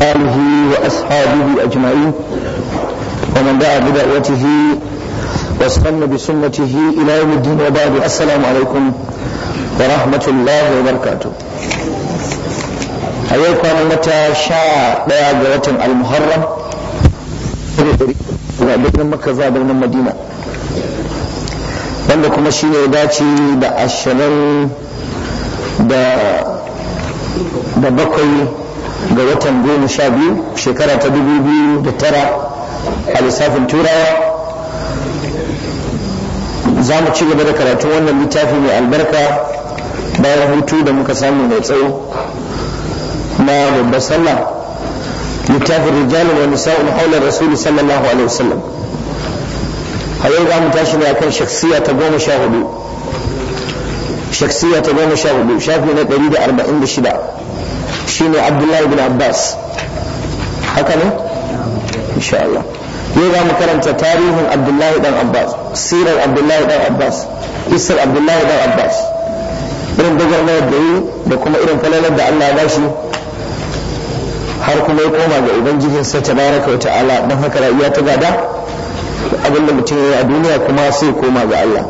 آله وأصحابه أجمعين ومن دعا بدعوته واستنى بسنته إلى يوم الدين وبعد السلام عليكم ورحمة الله وبركاته a yau kwanan wata sha ɗaya ga watan almuharram ga birnin madina wanda kuma shi ne dace da ashirin da bakwai ga watan goma sha biyu shekara ta dubu biyu da tara a lissafin turawa za mu ci gaba da karatun wannan littafi mai albarka bayan hutu da muka samu mai tsawo na babbar sallah littafin rijal wa nisa'ul haular rasul sallallahu alaihi wasallam a yau za mu tashi ne akan shaksiya ta goma sha hudu shaksiya ta goma sha hudu shafi na ɗari da arba'in da shida shine abdullahi bin abbas haka ne insha Allah yau za mu karanta tarihin abdullahi dan abbas sirar abdullahi dan abbas isar abdullahi dan abbas irin bagarmayar da yi da kuma irin falalar da allah ba shi har kuma ya koma ga ubangijinsa ta baraka wa ta'ala don haka rayuwa ta gada abinda mutum ya yi a duniya kuma sai koma ga allah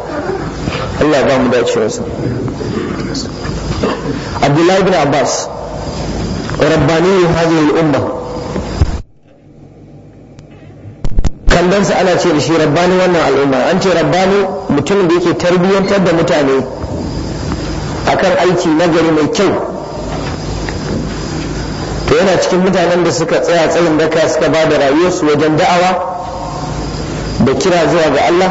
allah ba mu dacewarsa abdullahi bin abbas rabbaniyyu hadhihi al-umma kallansa ana ce da shi rabbani wannan al'umma an ce rabbani mutumin da yake tarbiyyantar da mutane akan aiki nagari mai kyau to yana cikin mutanen da suka tsaya tsayin daka suka ba da rayuwarsu wajen da'awa da kira zuwa ga Allah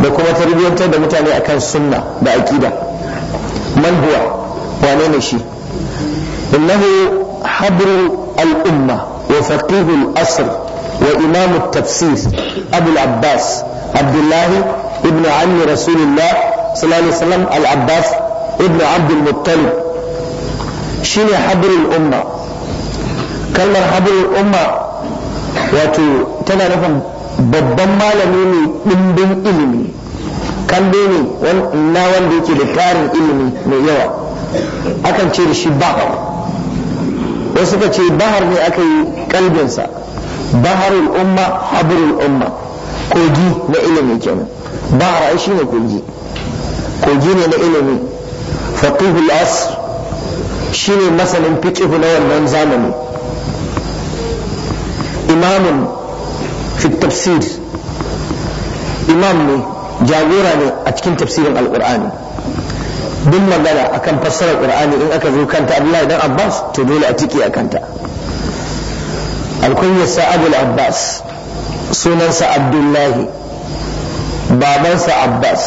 da kuma tarbiyyantar da mutane akan sunna da aƙida man huwa wane ne shi إنه حبر الأمة وفقيه الأسر وإمام التفسير أبو العباس عبد الله ابن عم رسول الله صلى الله عليه وسلم العباس ابن عبد المطلب شين حبر الأمة kalmar habirin umma wato tana nufin babban malami ne ɗimbin ilimi kalbe ne na wanda yake da tarin ilimi mai yawa akan ce da shi ba wasu ka ce bahar ne aka yi kalbinsa baharul umma habrul umma kogi na ilimi kenan bahar ai shine kogi kogi ne na ilimi faqihul asr shine masanin fiqh na wannan zamani imamun fi tafsir imam ne jagora ne a cikin tafsirin alqur'ani duk magana akan fassarar qur'ani in aka zo kanta Abdullahi dan Abbas to dole a tiki a kanta sa sa'abul Abbas sunansa Abdullahi babansa Abbas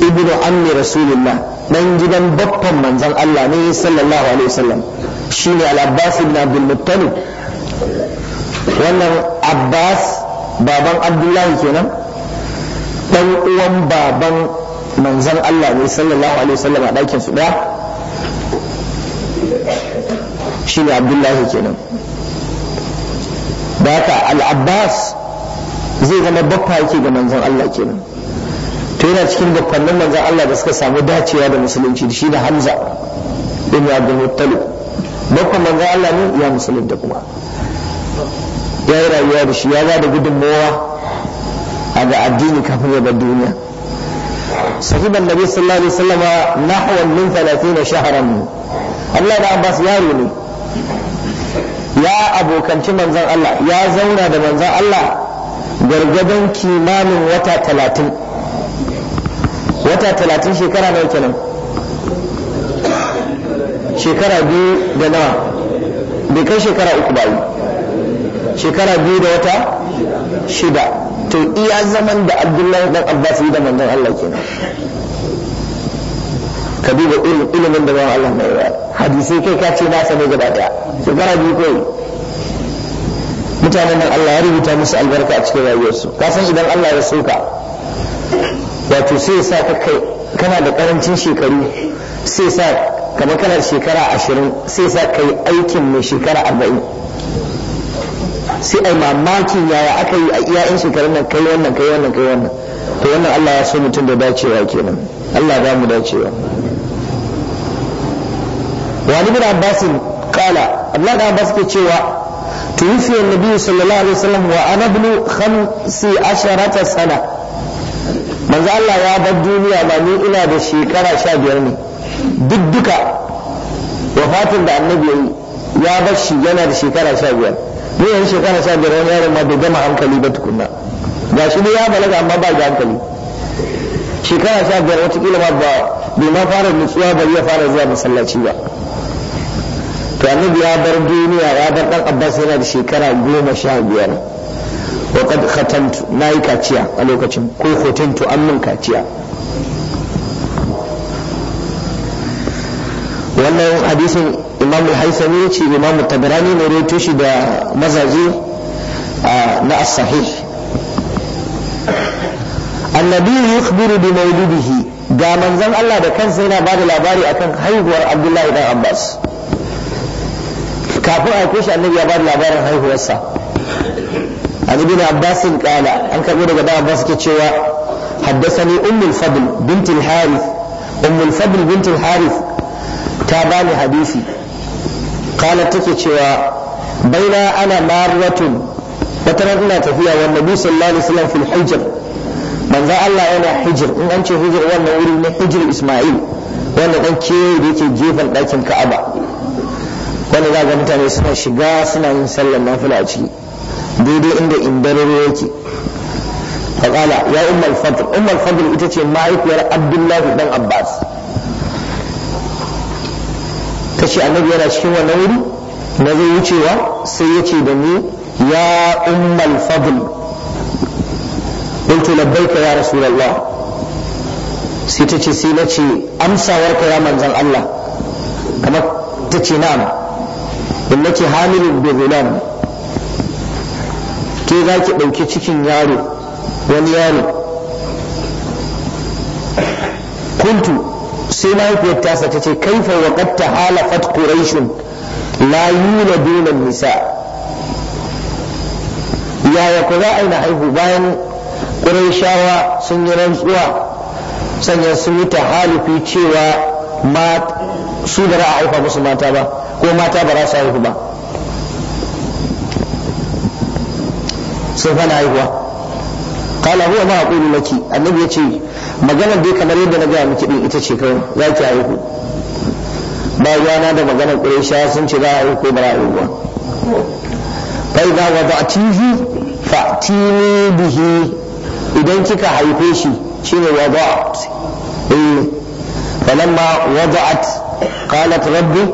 ibnu ammi rasulullah dan gidan babban manzon Allah ne sallallahu alaihi wasallam shine al-Abbas ibn Abdul Muttalib wannan Abbas baban Abdullahi kenan dan uwan baban manzan Allah ne sallallahu alaihi wasallam a ɗakin su ɗaya shi ne abdullahi kenan da haka al-abbas zai zama baffa yake ga manzan Allah kenan to yana cikin bakwannin manzan Allah da suka samu dacewa da musulunci da shi da hamza ibn abdul muttalib bakwan manzan Allah ne ya musulun da kuma ya yi rayuwa da shi ya ba da gudunmawa a ga addini kafin ya bar duniya sahib annabi sallallahu alaihi wasallam nahwan min 30 shahran Allah da Abbas yaro ne ya abokanci manzon Allah ya zauna da manzon Allah gargadon kimanin wata talatin wata talatin shekara nawa kenan shekara biyu da nawa bai kai shekara uku ba shekara biyu da wata shida to iya zaman da abdullahi dan abbas da manzon Allah kenan ka duba ilimin da bawan Allah mai hadisai kai ka ce na sani gaba daya shekara biyu kai mutanen nan Allah ya rubuta musu albarka a cikin rayuwarsu ka san idan Allah ya soka wato sai sa ka kai kana da karancin shekaru sai sa kamar kana shekara ashirin sai sa kai aikin mai shekara arba'in sai ai mamakin yaya aka yi a in shekarun nan kai wannan kai wannan kai wannan to wannan Allah ya so mutum da dacewa kenan Allah ba mu dacewa wani bin Abbas kala Allah da Abbas ke cewa توفي النبي sallallahu alaihi wasallam wa ana ibn خمس عشرة سنة manzo Allah ya bar duniya ba ni ina da shekara sha biyar ne duk duka wafatin da annabi ya bar shi yana da shekara sha biyar zai shekara sa biyar wani yaron ma bai gama hankali ba tukunna ga shi ne ya balaga amma ba ga hankali shekara sa biyar watakila ma ba bai ma fara nutsuwa bai ya fara zuwa masallaci ba to annabi ya bar duniya ya bar dan abbas yana da shekara goma sha biyar wa kad khatamtu nayi kaciya a lokacin ko hotantu an kaciya wannan hadisin imamu haisami ce imamu tabarani ne rawaito shi da mazaje na as-sahih annabi yukhbiru bi mawlidihi ga manzon Allah da kansa yana bada labari akan haihuwar Abdullahi dan Abbas kafin a shi annabi ya bada labarin haihuwarsa an ibn Abbas kala an karbo daga dan Abbas ke cewa haddathani ummul fadl bint al-harith ummul fadl bint al-harith ta bani hadisi kana take cewa baina ana marratun wata nan ina tafiya wa nabi sallallahu alaihi wasallam fil hijr manzo Allah yana hijir in an ce hijir wannan wuri ne hijir Isma'il wanda dan kewaye da yake gefen ɗakin Ka'aba wanda za ga mutane suna shiga suna yin sallar nafila a ciki daidai inda indararo yake faƙala ya ummul fadl ummul fadl ita ce mahaifiyar Abdullahi dan Abbas ta ce annabi yana cikin wannan wuri na zai wucewa sai ya ce da ni ya ummal fadl kuntu labbaika ya rasulullah sai ta ce sai na ce amsawar ka ya manzon Allah kamar ta ce na'am nake hamilun bi zulam ke za ki ɗauki cikin yaro wani yaro kuntu sai mahaifiyar tasa ta ce kaifa wa qad tahalafat quraish la yuladuna nisa yaya ku za a yi na haihu bayan qurayshawa sun yi rantsuwa Sanya sun yi tahalufi cewa su da ra'a haifa musu mata ba ko mata ba za su haihu ba sun hana haihuwa kala huwa ma aqulu laki annabi yace maganar dai kamar yadda na gaya miki din ita ce kawai za ki haihu ba yana da maganar ƙuraysha sun ce za a haihu ko ba za a haihu ba fa idza wada'tihi fa'tini bihi idan kika haife shi shine wada'at eh falamma wada'at qalat rabbi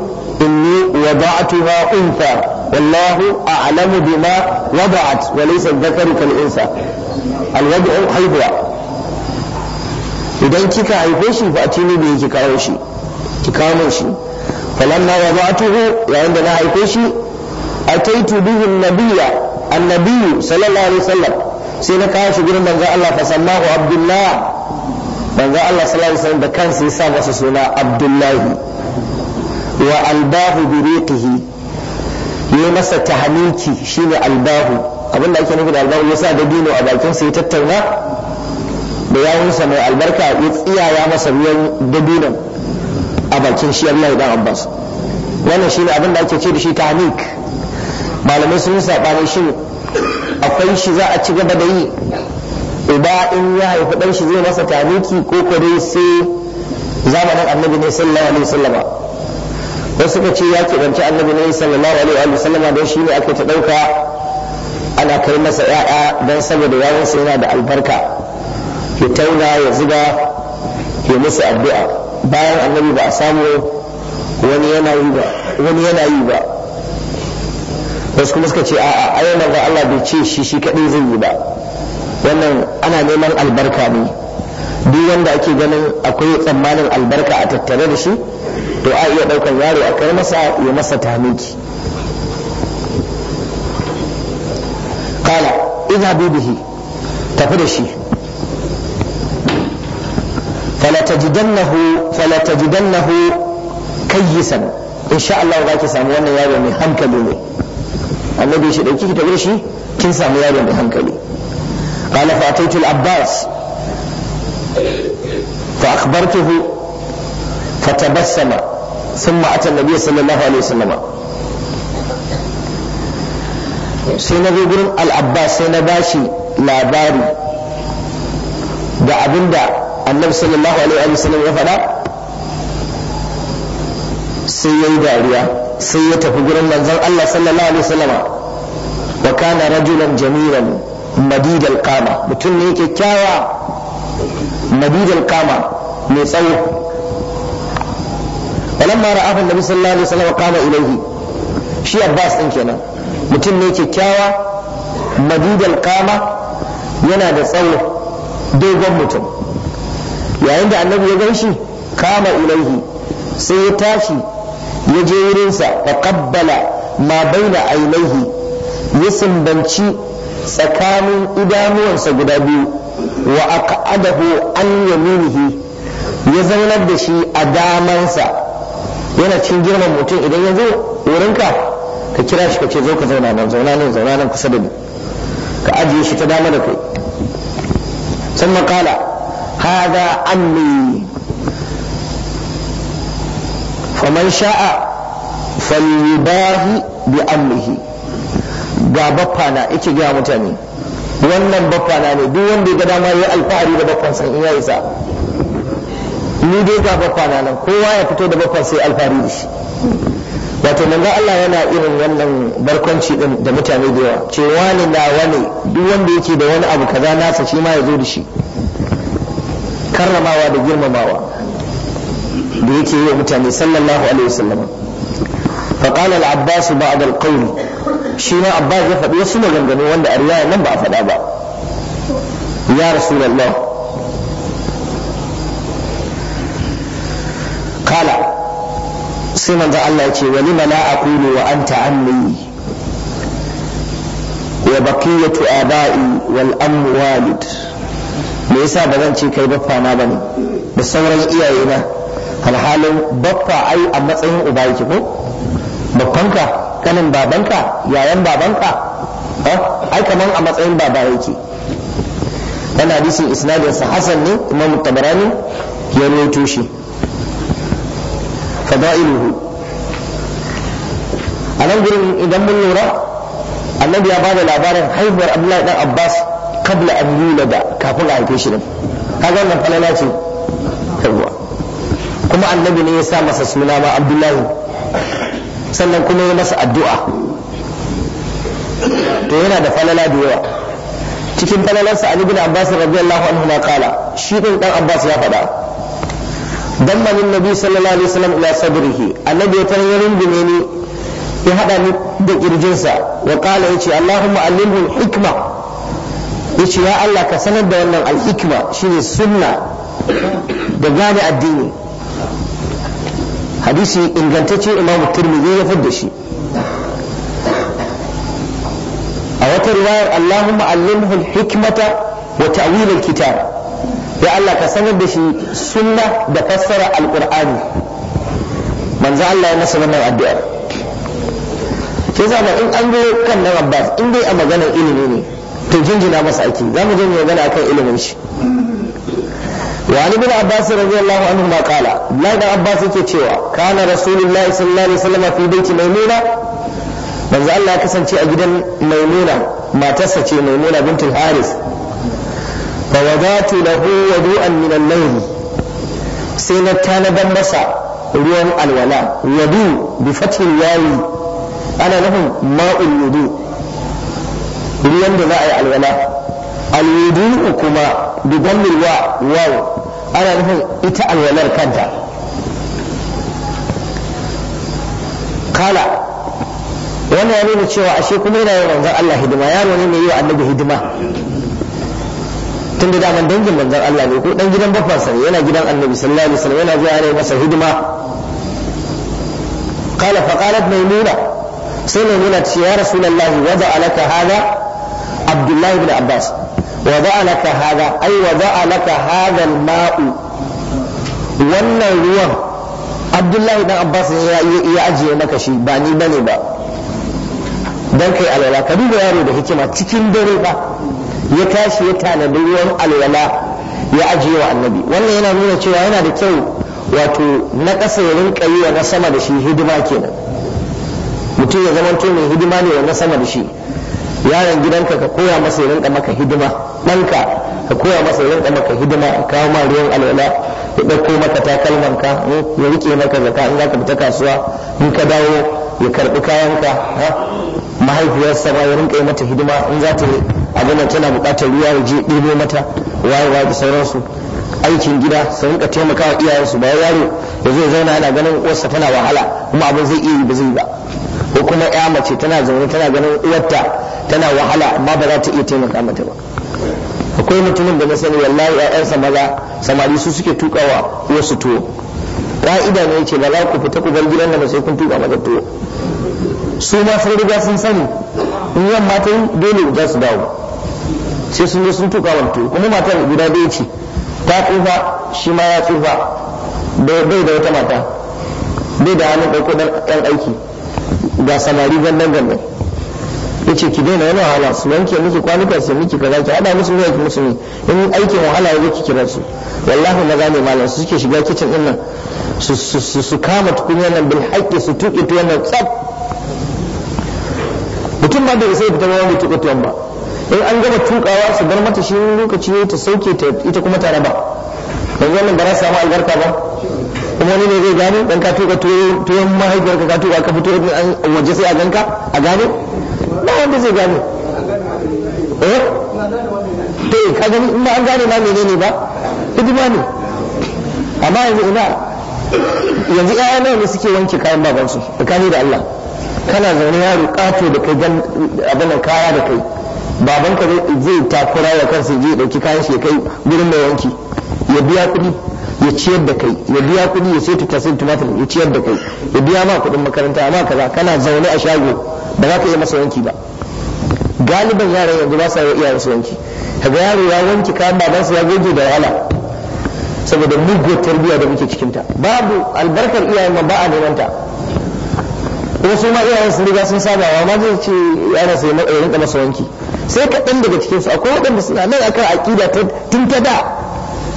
inni wada'tuha untha والله أعلم بما وضعت وليس الذكر كالأنثى الوضع حيث idan kika haife shi fa tuni ne ki kawo shi ki kawo shi falamma wada'tuhu yayin da na haife shi ataitu bihi nabiyya annabi sallallahu alaihi wasallam sai na kawo shi gurin manzon Allah fa sallahu abdullah manzon Allah sallallahu alaihi wasallam da kansa ya sa masa suna abdullahi wa albahu bi riqihi yi masa tahamiki shine albahu abinda ake nufi da albahu yasa da dino a bakin sa ya tattauna da yawunsa mai albarka ya tsiyaya masa ruwan dabinan a bakin shi Allah dan Abbas wannan shi ne abin da ake ce da shi ta tahnik malamai sun yi saɓani shi akwai shi za a ci gaba da yi idan in ya haifi ɗan shi zai masa taniki ko ko sai zamanin annabi ne sallallahu alaihi wasallama wasu suka ce ya keɓanci annabi ne sallallahu alaihi wasallama don shi ne aka ta ɗauka ana kai masa 'ya'ya don saboda yawansa yana da albarka ya tauna ya zuba ya musu addu'a bayan annabi ba a samu wani yana yi ba wani wasu kuma suka ce a'a ai manzo Allah bai ce shi shi kadai zai yi ba wannan ana neman albarka ne duk wanda ake ganin akwai tsammanin albarka a tattare da shi to a iya daukar yaro a kai masa ya masa tamiki kala ina bihi tafi da shi falatajidannahu falatajidannahu kayyisan insha Allah za ki samu wannan yaro mai hankali ne annabi shi dauki ki tabbata shi kin samu yaro mai hankali qala fa ataitu al-abbas fa akhbartuhu fatabassama thumma ata an-nabiy sallallahu alaihi wasallam sai na zo gurin al-abbas sai na bashi labari da abinda annabi sallallahu alaihi wa sallam ya faɗa sai ya yi dariya sai ya tafi gurin manzon Allah sallallahu alaihi wa sallama wa kana rajulan jamilan madid al-qama mutum ne kyakkyawa madid al mai tsawo falamma ra'a annabi sallallahu alaihi wa sallam qama ilaihi shi Abbas din kenan mutum ne kyakkyawa madid al yana da tsawo dogon mutum yayin da annabi ya gan shi kama ilaihi sai ya tashi ya je wurinsa ka kabbala ma baina ainihi ya sumbanci tsakanin idanuwansa guda biyu wa aqadahu an yaminihi ya zaunar da shi a damansa yana cin girman mutum idan ya zo wurinka ka kira shi ka ce zo ka zauna nan zauna nan zauna nan kusa da ni ka ajiye shi ta dama da kai sun kala هذا عني فمن شاء فليباهي بأمره ga baffana ايش جاء mutane wannan baffana ne duk wanda ya ga dama ya alfahari da baffan san in ya isa ni dai ga baffana nan kowa ya fito da baffan sai alfahari da shi wato manzo Allah yana irin wannan barkwanci din da mutane da yawa ce wani na wani duk wanda yake da wani abu kaza nasa shi ma ya zo da shi karramawa da girmamawa da yake yi wa mutane sallallahu alaihi wasallam faqala al-abbas ba'd al-qawl shi ne abbas ya faɗi wasu maganganu wanda a riwaya nan ba a faɗa ba ya rasulullah kala sai manzo Allah ya ce wani mala ni wa anta anni wa baqiyatu abai wal amwalid walid me yasa ba zan ce kai baffa na bane da sauran iyaye na alhalin baffa ai a matsayin uba yake ko babbanka kanin babanka yayan babanka eh? ai kaman a matsayin baba yake dan hadisin isnadin sa hasan ne imamu tabarani ya rawaito shi fada'iluhu a nan gurin idan mun lura annabi ya bada labarin haihuwar abdullahi dan abbas kabla an yulada kafin a haife shi din kaga wannan falala ce yawa kuma annabi ne ya sa masa suna ma abdullahi sannan kuma ya masa addu'a to yana da falala da yawa cikin falalarsa ali bin abbas radiyallahu anhu na kala shi din dan abbas ya faɗa dammanin nabi sallallahu alaihi wasallam ila sadrihi annabi ya tarar rungume ni ya hada ni da kirjinsa wa kala yace allahumma allimhu hikma yace ya Allah ka sanar da wannan al-hikma shine sunna da gane addini hadisi ingantacce imamu turmi ya fadda shi a wata riwayar Allahumma allimhu al-hikmata wa ta'wil al-kitab ya Allah ka sanar da shi sunna da fassara al-qur'ani manzo Allah ya masa wannan addu'ar ke zaba in an zo kan Abbas in dai a maganar ilimi ne to jinjina masa aiki za mu je mu magana akan ilimin shi wa ali bin abbas radiyallahu anhu ma qala lai da abbas yake cewa kana rasulullahi sallallahu alaihi wasallam fi baiti maimuna manzo Allah ya kasance a gidan maimuna matarsa ce mai nuna. bintul haris fa wadatu lahu wudu'an min al-layl sai na tanadan masa ruwan alwala wudu bi fathil yawi ana nufin ma'ul wudu' ruwan da za a yi alwala alwudu kuma bidan wa wawo ana nufin ita alwalar kanta kala wannan ya nuna cewa ashe kuma yana yin manzon Allah hidima yaro ne mai yi wa annabi hidima tun da daman dangin manzon Allah ne ko dan gidan bafansa ne yana gidan annabi sallallahu alaihi wasallam yana zuwa yana yi masa hidima kala faqalat maimuna sai maimuna ce ya rasulullahi wada alaka hada abdullahi bin abbas wada'a laka ai wada'a laka ma'u wannan ruwan abdullahi dan abbas ne ya ajiye maka shi ba ni bane ba dan kai alwala ka duba yaro da hikima cikin dare ba ya tashi ya tanadi ruwan alwala ya ajiye wa annabi wannan yana nuna cewa yana da kyau wato na ƙasa ya rinka yi wa sama da shi hidima kenan mutum ya zamanto mai hidima ne wa na sama da shi yaran gidanka ka koya masa ya rinka maka hidima ɗanka ka koya masa rinka maka hidima kawo ma ruwan alwala ya ɗauko maka takalman ka ya rike maka zaka in zaka fita kasuwa in ka dawo ya karbi kayanka mahaifiyarsa ma ya rinka yi mata hidima in za ta abin da tana buƙatar ruwa ya je ɗebo mata wayewa da sauransu aikin gida su rinka taimakawa iyayensu ba yaro ya zo zauna yana ganin uwarsa tana wahala kuma abin zai iya yi ba zai ba ko kuma ya mace tana zaune tana ganin uwarta tana wahala amma ba za ta iya taimaka mata ba akwai mutumin da na sani wallahi ƴaƴansa maza samari su suke tukawa wasu tuwo ka'ida ne ce ba za ku fita ku bar gidan da ba sai kun tuka maka tuwo su ma sun riga sun sani in yan matan dole za su dawo sai sun zo sun tuka wa tuwo kuma matar guda ɗaya ce ta tsufa shi ma ya tsufa bai da wata mata bai da hannun ɗauko ɗan aiki ga samari gandan gandan ya ce ki daina yana wahala su yanke miki kwanuka su miki kaza ki hada musu ruwa ki musu ne in aikin wahala ya ki kira su wallahi maza ne malam su suke shiga kicin din nan su kama tukunya nan bil haqqi su tuƙe tuwan nan tsab mutum ba da sai fita ba wanda tuki tuwan ba in an gama tukawa su bar mata shi lokaci ta sauke ta ita kuma ta raba yanzu wannan ba za samu albarka ba kuma wani ne zai gane dan ka tuka tuwan mahaifiyarka ka tuka ka fito waje sai a ganka a gane na wanda zai gane eh to ka gani in an gane ma menene ba hidima ne amma yanzu ina yanzu ƴaƴa nawa ne suke wanke kayan babansu tsakani da Allah kana zaune yaro kato da kai gan abin kaya da kai baban ka zai takura ya kansa je dauki kayan shi kai gurin mai wanki ya biya kuɗi ya ciyar da kai ya biya kuɗi ya sai ta tumatir ya ciyar da kai ya biya ma kuɗin makaranta amma kaza kana zaune a shago ba za ka iya masa wanki ba galiban yaran yanzu ba sa iya iyayen wanki kaga yaro ya wanki kayan babansa ya goge da wahala saboda muguwar tarbiyya da muke cikinta babu albarkar iyayen ba a neman ta su ma iyayen sun riga sun saba wa ma zai ce yana sai ya rinka masa wanki sai kaɗan daga cikin su akwai waɗanda suna nan akan aƙida tun ta da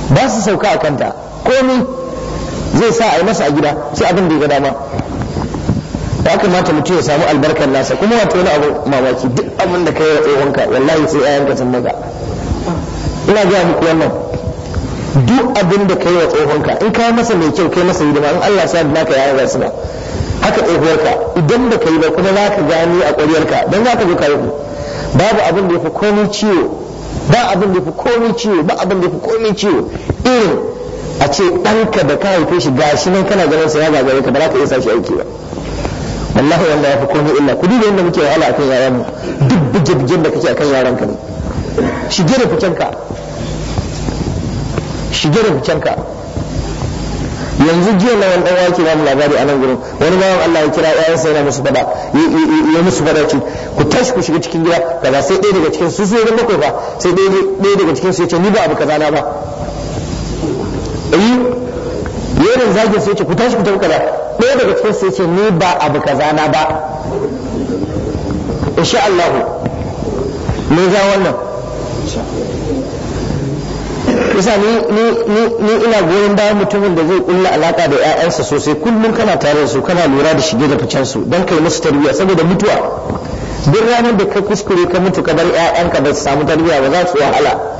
ba su sauka a kanta komai zai sa a yi masa a gida sai abin da ya ga dama ya kamata mutum ya samu albarkar nasa kuma wata wani abu mamaki duk abin da kai wa tsohonka wallahi sai ayanka sun maza ina ga muku wannan duk abin da kai wa tsohonka in kai masa mai kyau kai masa hidima in Allah sa naka ya yarda su ba haka tsohuwarka idan da kai ba kuma za ka gani a ƙwariyarka don za ka zo ka babu abin da ya fi komai ciwo ba abin da ya fi komai ciwo ba abin da ya fi komai ciwo irin a ce ɗanka da ka haife shi gashi nan kana ganin sa ya gagare ka ba za ka iya sa shi aiki ba wallahi wanda ya fi komai illa ku duba yadda muke wahala akan yaran mu duk bijibijin da kake akan yaran ka ne shige da ficen ka shige da ficen ka yanzu jiya na wani ɗan wake ba mu labari a nan gurin wani bayan Allah ya kira ƴaƴan sai na musu fada ya musu fada ce ku tashi ku shiga cikin gida kaza sai ɗaya daga cikin su su ga bakwai ba sai ɗaya daga cikin su ya ce ni ba abu kaza na ba eh? irin zagin sai ce ku tashi ku tafi kaza ɗaya daga cikin sai ce ni ba abu kaza na ba insha Allah me wannan isa ni ina goyon bayan mutumin da zai kulla alaka da 'ya'yansa sosai kullum kana tare da su kana lura da shige da ficen su dan kai musu tarbiyya saboda mutuwa duk ranar da ka kuskure ka mutu ka bar 'ya'yanka ba su samu tarbiyya ba za su wahala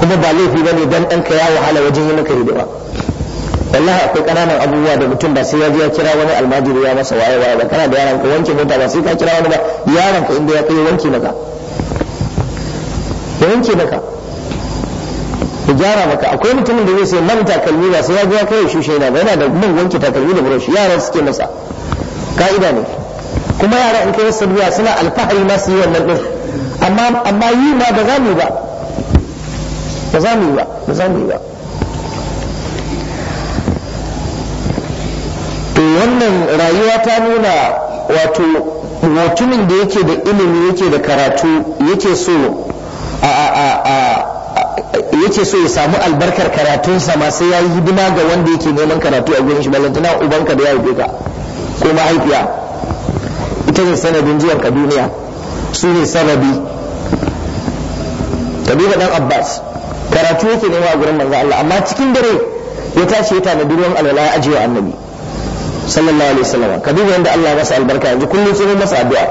kuma ba laifi bane ne don ɗanka ya wahala wajen yi maka ba. wallahi akwai kananan abubuwa da mutum ba sai ya je ya kira wani almajiri ya masa waye waye ba kana da yaran ka wanke mota ba sai ka kira wani ba yaran ka inda ya kai wanke maka ya wanke maka ya gyara maka akwai mutumin da zai sai man takalmi ba sai ya je ya kai shushe na ba yana da man wanke takalmi da burushi yaran suke masa ka'ida ne kuma yara in kai wasu biya suna alfahari ma su yi wannan din amma amma yi ma ba za mu yi ba ba za mu yi ba ba za mu yi ba to wannan rayuwa ta nuna wato mutumin da yake da ilimi yake da karatu yake so yake so ya samu albarkar karatunsa ma sai ya yi hidima ga wanda yake neman karatu a gurin shi ballantana ubanka da ya haife ka ko mahaifiya ita ne sanadin jiyar ka duniya su ne sanadi ga dan abbas karatu yake nema a gurin manzo Allah amma cikin dare ya tashi ya tanadi ruwan alwala ya ajiye annabi sallallahu alaihi wasallam ka duba yadda Allah masa albarka yanzu kullum sai masa addu'a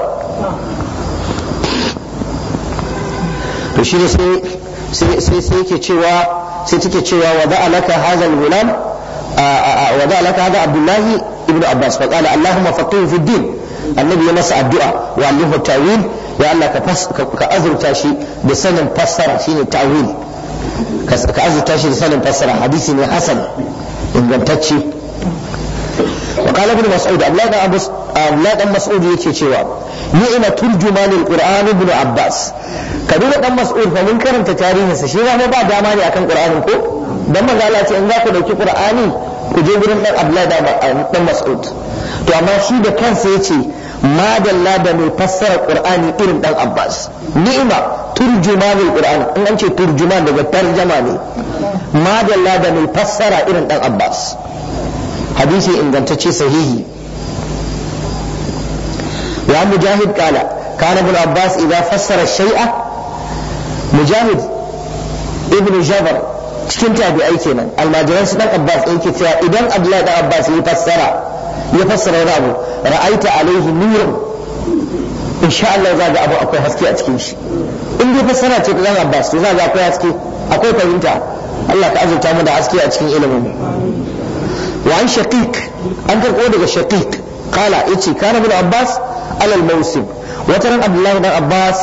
to shi ne sai sai yake cewa sai take cewa wa da laka hadha al-gulam wa da laka hadha Abdullahi ibn Abbas fa qala Allahumma faqihu fi din annabi ya masa addu'a wa allahu ta'wil ya Allah ka azurta shi da sanin fassara shine ta'wil ka azurta shi da sanin fassara hadisi ne hasan ingantacce wa qala ibn mas'ud abdullah dan abbas abdullah dan mas'ud yake cewa ni'ma turjuman alquran ibn abbas kaduba dan mas'ud fa mun karanta tarihinsa shi ma ba dama ne akan qur'anin ko dan manzo ce in za ku dauki qur'ani ku je gurin dan abdullah dan mas'ud to amma shi da kansa yace madalla da mai fassara qur'ani irin dan abbas ni'ima turjumanul qur'ani in an ce turjuman daga tarjama ne madalla da mai fassara irin dan abbas hadisi ingantacce sahihi wa mujahid kala kana ibn abbas idza fassara shay'a mujahid ibn jabar cikin tabi tabi'ai kenan almajiran su dan abbas yake cewa idan abdullahi dan abbas ya fassara ya fassara wani abu ra'aita alaihi in insha Allah za ga abu akwai haske a cikin shi in dai fassara ce ta dan abbas to za ga akwai haske akwai fahimta Allah ka azurta mu da haske a cikin ilimin wa an shaqiq an karɓo daga shaqiq kala yace kana ibn abbas alal mawsim wata ran abdullahi dan abbas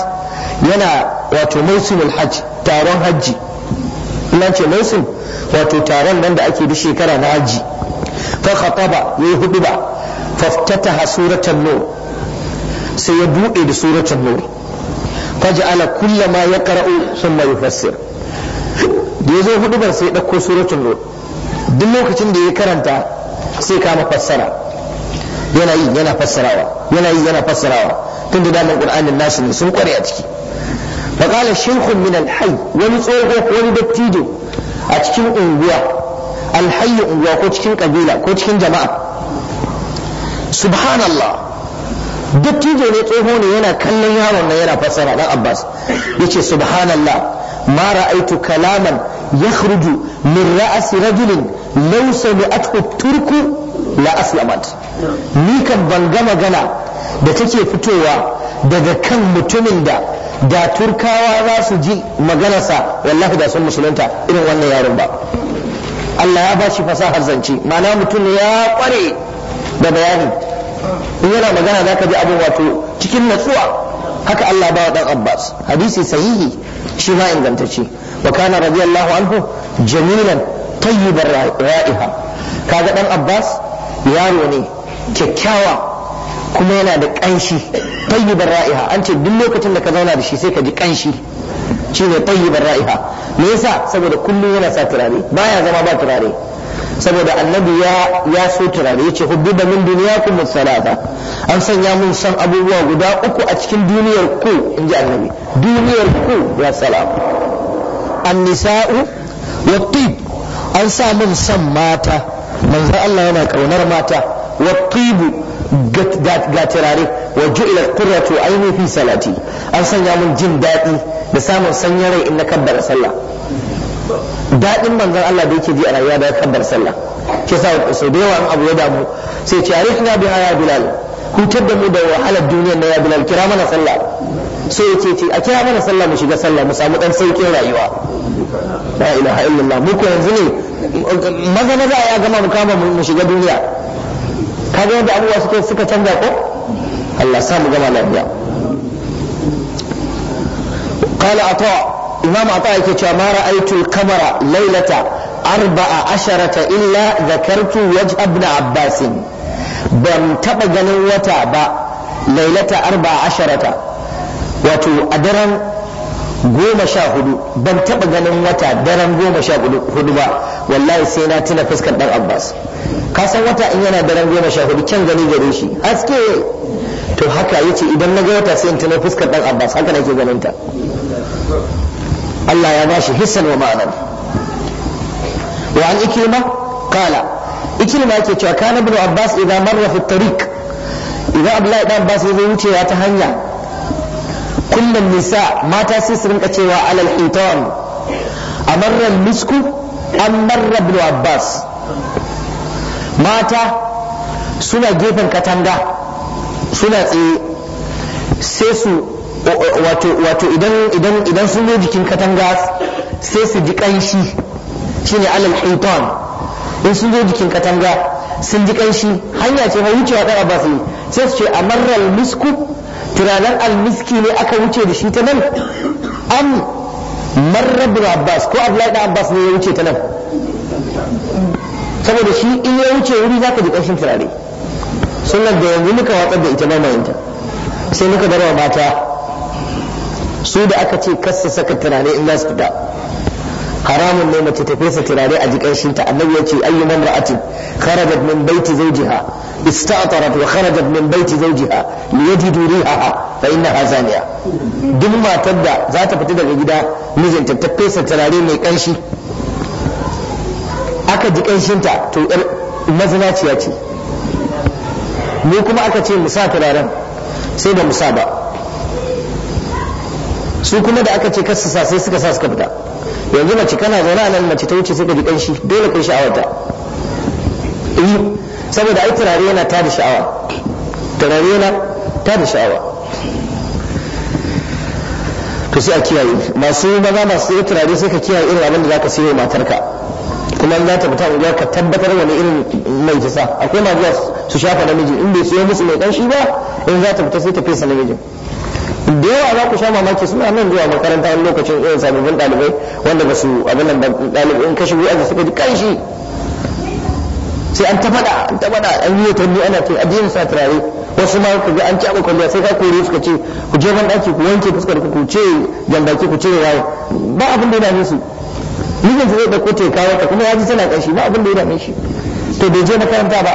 yana wato mawsimul hajj taron hajji ina ce mawsim wato taron nan da ake da shekara na hajji fa khataba yayi huduba faftataha suratan nur sai ya bude da suratan nur faj'ala kullama yaqra'u thumma yufassir da yazo hudubar sai ya dauko suratan nur duk lokacin da ya karanta sai kama fassara yana yi yana fassarawa yana yi yana fassarawa tun da damin qur'anin nasu ne sun kware a ciki faqala shaykhun min al-hayy wani tsoho wani dattijo a cikin unguwa al-hayy unguwa ko cikin kabila ko cikin jama'a subhanallah dattijo ne tsoho ne yana kallon yaron nan yana fassara dan abbas yace subhanallah ma ra'aitu kalaman يخرج من رأس رجل لو سمعته الترك لا أسلمت نيكم بنغم غنا da take fitowa daga kan mutumin da da turkawa za su ji maganarsa wallahi da sun musulunta irin wannan yaron ba Allah ya bashi fasahar zance ma'ana mutum ya kware da bayani in yana magana za ka ji abin wato cikin natsuwa haka Allah ba wa dan Abbas hadisi sahihi shi ma ingantacce وكان رضي الله عنه جميلا طيب الرائحة كذا دان عباس yaro ne kyakkyawa kuma yana da ƙanshi tayyibar ra'iha an ce duk lokacin da ka zauna da shi sai ka ji kanshi shi ne tayyibar ra'iha me yasa saboda kullum yana sa turare baya zama ba turare saboda annabi ya ya so turare yace hubbiba min dunyakum musalata an sanya mun san abubuwa guda uku a cikin duniyar ku inji annabi duniyar ku ya salam an wa tib an sa mun san mata manzo Allah yana kaunar mata wa tibu ga turare wa ju'ila qurratu aini fi salati an sanya mun jin daɗi da samun sanyin rai in na kabbara sallah daɗin manzon Allah da yake ji a rayuwa da kabbar sallah ke sa sau da yawa abu ya damu sai ce arifna biha ya bilal hutar da mu da wahalar duniyar na ya bilal kira mana sallah sai yace ce a kira mana sallah mu shiga sallah mu samu dan saukin rayuwa la ilaha illallah mu ko yanzu ne maza maza ya gama mu kama mu shiga duniya kaga yadda abubuwa suke suka canza ko Allah sa mu gama lafiya قال عطاء إمام عطاء يقول ما رأيت القمر ليلة أربع عشرة إلا ذكرت وجه ابن عباس بم تبغن وتا با ليلة أربع عشرة wato a daren goma sha hudu ban taba ganin wata daren goma sha hudu ba wallahi sai na tuna fuskar dan abbas ka san wata in yana daren goma sha hudu can gani gare shi haske to haka yace idan na ga wata sai in tuna fuskar dan abbas haka nake ganin ta Allah ya bashi hissan wa ma'anar wa an ikirma kala ikirma yake cewa kana ibn abbas idan marra fi tariq idan abdullahi dan abbas ya wuce ta hanya kullum nisa mata sai su rinka cewa alal hitan amarra misku amarra ibn abbas mata suna gefen katanga suna tsaye sai su wato idan sun zo jikin katanga sai su ji kanshi shine alal hitan in sun zo jikin katanga sun ji kanshi hanya ce fa wucewa da abbas sai su ce amarra misku turaren almiski ne aka wuce da shi ta nan an marar marrabin abbas ko abdullahi dan abbas ne ya wuce ta nan saboda shi in ya wuce wuri ka ji ƙarshen turare sunan da yanzu muka watsar da ita mayanta sai muka darwa mata su da aka ce kasa saka turare in za su fita haramun ne mace ta fesa turare a jikin shinta annabi ya ce ayyu mamra'atin kharajat min baiti zawjiha ista'tarat wa kharajat min baiti zawjiha liyajidu rihaha fa innaha zaniya duk matar da za ta fita daga gida mijinta ta fesa turare mai kanshi aka ji kanshinta to yar mazinaciya ce mu kuma aka ce mu sa turaren sai da mu sa ba su kuma da aka ce kasu sa sai suka sa suka fita yanzu mace kana zaune a nan mace ta wuce suka ka ji kanshi dole kun sha'awata ta eh, saboda ai turare yana ta da sha'awa turare yana ta da sha'awa to sai a kiyaye masu maza masu yi turare sai ka kiyaye irin abin da zaka sayo matarka kuma za ta fita unguwar ka tabbatar wani irin mai ta sa akwai ma su shafa namiji in bai sayo musu mai kanshi ba in za ta fita sai ta fesa namijin da yawa za ku sha mamaki suna nan zuwa makaranta wani lokacin irin sababbin ɗalibai wanda ba su abin da ɗalibai kashi ka da suka ji kanshi sai an ta faɗa an ta faɗa an yi tanni ana ce addinin sa turare wasu ma ku ga an ci kwalliya sai ka kore suka ce ku je ban ɗaki ku wanke fuskar ku ce jambaki ku ce yawo ba abin da ya dame su mijinta zai ɗauko te kawo ta kuma ya ji tana ƙanshi ba abin da ya dame to bai je makaranta ba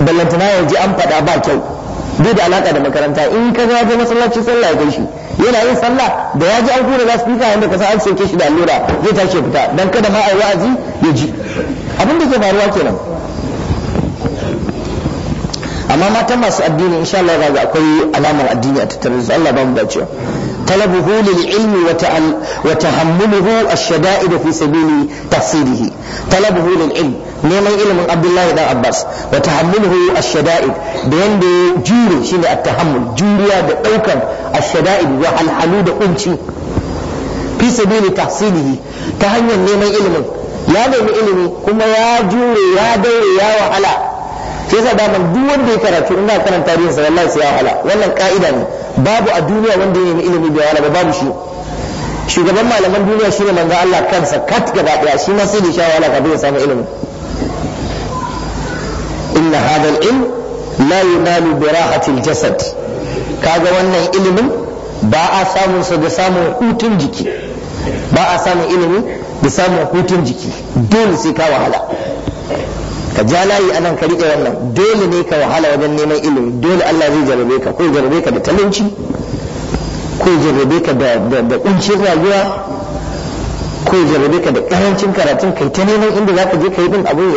ballantana ya ji an faɗa ba kyau bai da alaka da makaranta in ka ga ya masallaci sallah ya kai shi yana yin sallah da ya ji an kura last kayanda yanda ka sa an soke shi da allura zai tashi fita dan kada ma ai wa'azi ya ji abin da ke faruwa kenan amma matan masu addini insha Allah ga akwai alamar addini a tattare da Allah ba mu dacewa talabuhu lil ilmi wa tahammuluhu ash-shada'id fi sabili tafsirihi talabuhu lil ilm neman abdullahi dan abbas wa tahammuluhu ash yanda jure shine at juriya da daukan ash wa alhalu da kunci fi sabili tahsilihi ta hanyar neman ilimin ya nemi ilimi kuma ya jure ya daure ya wahala sai yasa daman duk wanda ya karatu ina karanta tarihin sa wallahi sai ya wahala wannan ka'ida ne babu a duniya wanda ya nemi ilimi bai wala ba babu shi shugaban malaman duniya shine manzo Allah kansa kat gaba daya shi ma sai da sha wahala kafin ya samu ilimi inna hadha al-ilm la yunalu bi rahati al-jasad kaga wannan ilimin ba a samun sa da samun hutun jiki ba a samun ilimi da samun hutun jiki dole sai ka wahala ka ja layi anan ka riƙe wannan dole ne ka wahala wajen neman ilimi dole Allah zai jarabe ka ko jarabe ka da talauci ko jarabe ka da kuncin rayuwa ko jarabe ka da karancin karatun kai ta neman inda ka je ka yi din abin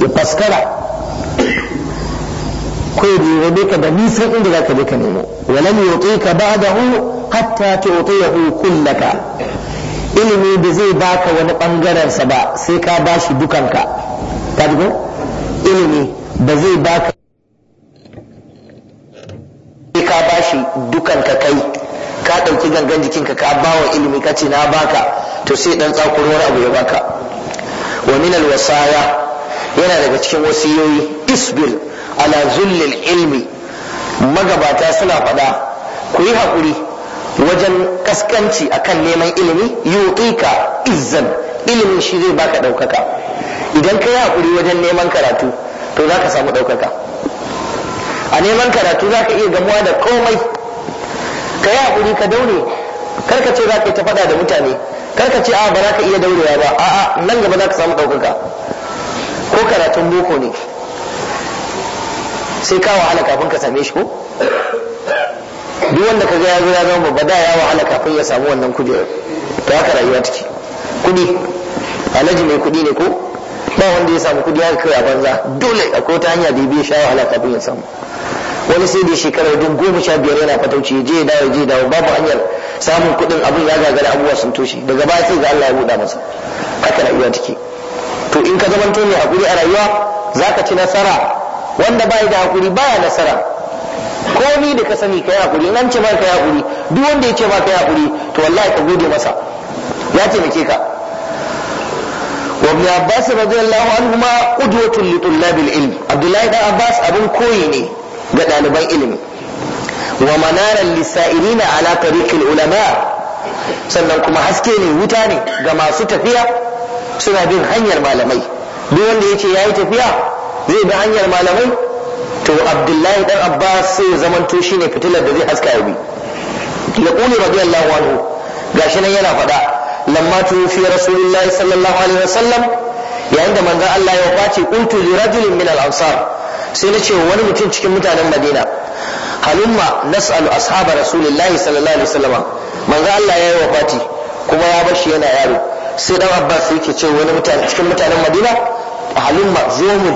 ya faskara ko jarabe ka da nisan inda ka je ka nemo walam yutika ba'dahu hatta tu'tiyahu kullaka ilimi da zai baka wani bangaren sa ba sai ka bashi dukanka ka ilimi ba zai baka ka bashi dukan ka kai ka ɗauki gangan jikinka ka bawa ilimi ka ce na baka to sai ɗan tsakuro abu ya baka wa minal wasaya yana daga cikin wasiyoyi isbir ala zullil ilmi magabata suna faɗa ku yi haƙuri wajen kaskanci akan neman ilimi ka izzan ilimin shi zai baka ɗaukaka idan ka yi hakuri wajen neman karatu to za ka samu ɗaukaka a neman karatu za ka iya gamuwa da komai ka yi hakuri ka daure karka ce za ka yi ta faɗa da mutane karka ce a ba za ka iya daurewa ba a'a nan gaba za ka samu ɗaukaka ko karatun boko ne sai ka wahala kafin ka same shi ko duk wanda ka ga ya zo ya zama babba da ya wahala kafin ya samu wannan kujerar to haka rayuwa take kuɗi alhaji mai kuɗi ne ko ba wanda ya samu kudi ya kai a banza dole akwai wata hanya da ya sha ala kafin ya samu wani sai da shekarar dun goma sha biyar yana fatauci je ya dawo je dawo babu hanyar samun kudin abin ya gagara abubuwa sun toshe daga baya sai ga Allah ya buɗa masa haka rayuwa take to in ka zamanto ne hakuri a rayuwa zaka ci nasara wanda bai da hakuri baya nasara komi da ka sani kai hakuri in an ce ba kai hakuri duk wanda ya ce ba kai hakuri to wallahi ka gode masa ya taimake ka وابن عباس رضي الله عنهما قدوة لطلاب العلم عبد الله بن عباس أبن كويني قد ألبي علم ومنارا للسائرين على طريق العلماء sannan kuma haske ne wuta ne ga masu tafiya suna bin hanyar malamai duk wanda ya ce ya yi tafiya zai bi hanyar malamai to abdullahi dan abbas sai ya zamanto shi ne fitilar da zai haska a bi ya ƙuli radiyallahu anhu gashi nan yana faɗa lamma tufi rasulullahi sallallahu alaihi wasallam yayin da manzon Allah ya kwace qultu li rajulin min sai na ce nace wani mutum cikin mutanen Madina halumma nas'alu ashaba rasulillahi sallallahu alaihi wasallam manzon Allah ya yi wafati kuma ya bar yana yaro sai dan Abbas yake ce wani mutane cikin mutanen Madina halumma zo mu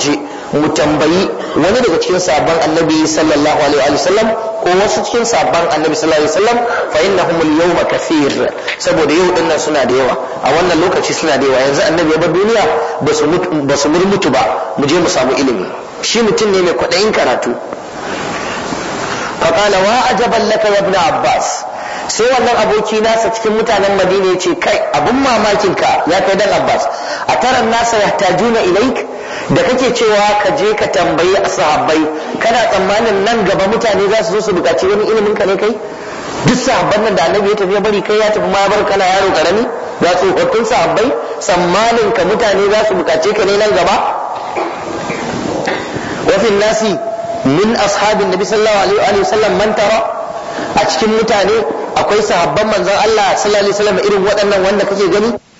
mu tambayi wani daga cikin sabon annabi sallallahu alaihi wasallam ko wasu cikin sabon annabi sallallahu alaihi wasallam fa innahum al-yawma kathir saboda yau dinnan suna da yawa a wannan lokaci suna da yawa yanzu annabi ya bar duniya ba su mutu ba mu je mu samu ilimi shi mutum ne mai kwaɗayin karatu faƙala wa ajaban laka ya ibn abbas sai wannan aboki nasa cikin mutanen madina ya ce kai abin mamakin ka ya kai dan abbas a taran nasa ya ilaik da kake cewa ka je ka tambayi sahabbai kana tsammanin nan gaba mutane za su zo su bukaci wani ilimin ka ne kai duk sahabban nan da annabi ya tafi bari kai ya tafi ma bar kana yaro karami ga tsofaffin sahabbai Sammanin ka mutane za su bukace ka ne nan gaba wafin nasi min ashabin nabi sallallahu alaihi wa sallam man tara a cikin mutane akwai sahabban manzon Allah sallallahu alaihi wasallam irin waɗannan wanda kake gani